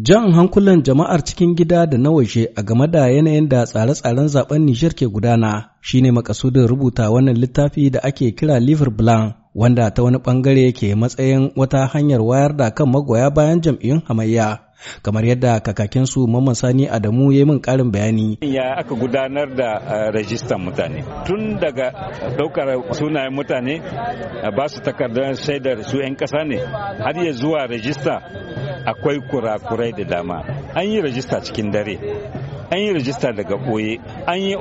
Jan hankulan jama'ar cikin gida da na waje a game da yanayin da tsare-tsaren zaben Nijar ke gudana shine makasudin rubuta wannan littafi da ake kira Liver Blanc wanda ta wani bangare ke matsayin wata hanyar wayar da kan magoya bayan jam'iyyun hamayya. kamar yadda kakakin su mamman sani adamu ya yi min karin bayani ya aka gudanar da eh, rajistan mutane tun daga daukar sunayen mutane ba su takardar shaidar su 'yan kasa ne har ya zuwa rajista akwai kurakurai da dama an yi rajista cikin dare an yi rajista daga ɓoye an yi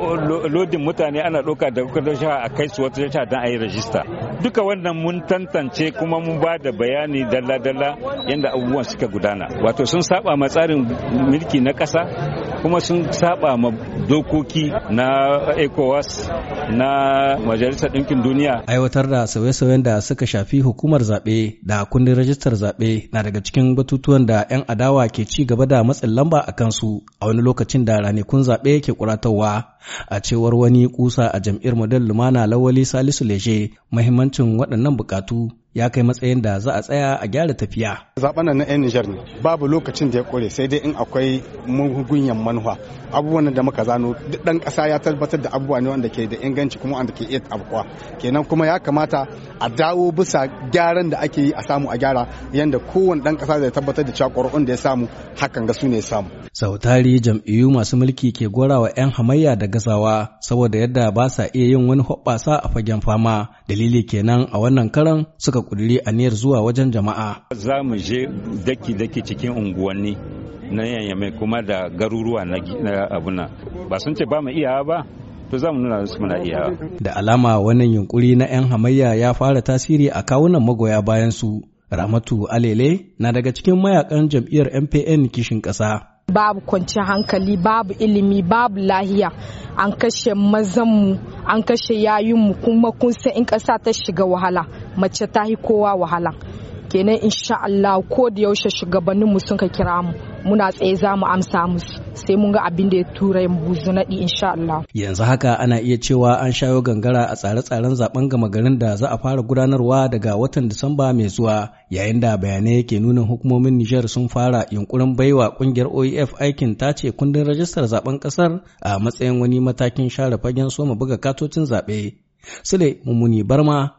lodin mutane ana ɗauka daga kudin jiha a kai su wata jiha don a yi rajista duka wannan mun tantance kuma mun ba da bayani dalla-dalla yadda abubuwan suka gudana wato sun saba ma tsarin mulki na ƙasa kuma sun saba ma dokoki na ECOWAS na Majalisar Dinkin Duniya. Aiwatar da sauye-sauyen da suka shafi hukumar zaɓe da kundin rajistar zaɓe na daga cikin batutuwan da 'yan adawa ke ci gaba da matsin lamba a kansu a wani lokacin da ranakun zaɓe ke kuratawa, A cewar wani kusa a jam'iyyar model Lumana Lawali Salisu Leje, mahimmancin waɗannan bukatu ya kai matsayin da za a tsaya a gyara tafiya. Zaɓen nan na 'yan Nijar ne babu lokacin da ya ƙware sai dai in akwai mugunyan manuwa abubuwan da muka zano duk ɗan ƙasa ya tabbatar da abubuwa ne wanda ke da inganci kuma wanda ke iya abuwa kenan kuma ya kamata a dawo bisa gyaran da ake yi a samu a gyara yadda kowane ɗan ƙasa zai tabbatar da cewa da ya samu hakan ga su ne samu. Sautari jam'iyyu masu mulki ke gorawa 'yan hamayya da gazawa saboda yadda ba sa iya yin wani hoɓɓasa a fagen fama dalili kenan a wannan karan suka suka ƙudiri aniyar zuwa wajen jama'a. Za mu je daki-daki cikin unguwanni na yanyame kuma da garuruwa na abuna. Ba sun ce ba mu iya ba, to za mu nuna su muna iya. Da alama wannan yunkuri na 'yan hamayya ya fara tasiri a kawunan magoya bayan su. Ramatu Alele na daga cikin mayakan jam'iyyar MPN kishin ƙasa. Babu kwanciyar hankali, babu ilimi, babu lahiya. An kashe mazanmu, an kashe yayinmu kuma kun san in ƙasa ta shiga wahala. mace ta yi kowa wahala kenan insha Allah ko da yaushe shugabannin mu ka kira mu muna tsaye za mu amsa musu sai mun ga abin da ya tura mu buzu naɗi insha Allah. Yanzu haka ana iya cewa an shayo gangara a tsare-tsaren zaben gama garin da za a fara gudanarwa daga watan Disamba mai zuwa yayin da bayanai yake nuna hukumomin Nijar sun fara yunkurin baiwa kungiyar OEF aikin tace kundin rajistar zaben kasar a matsayin wani matakin share fagen soma buga katocin zaɓe. Sule Mummuni Barma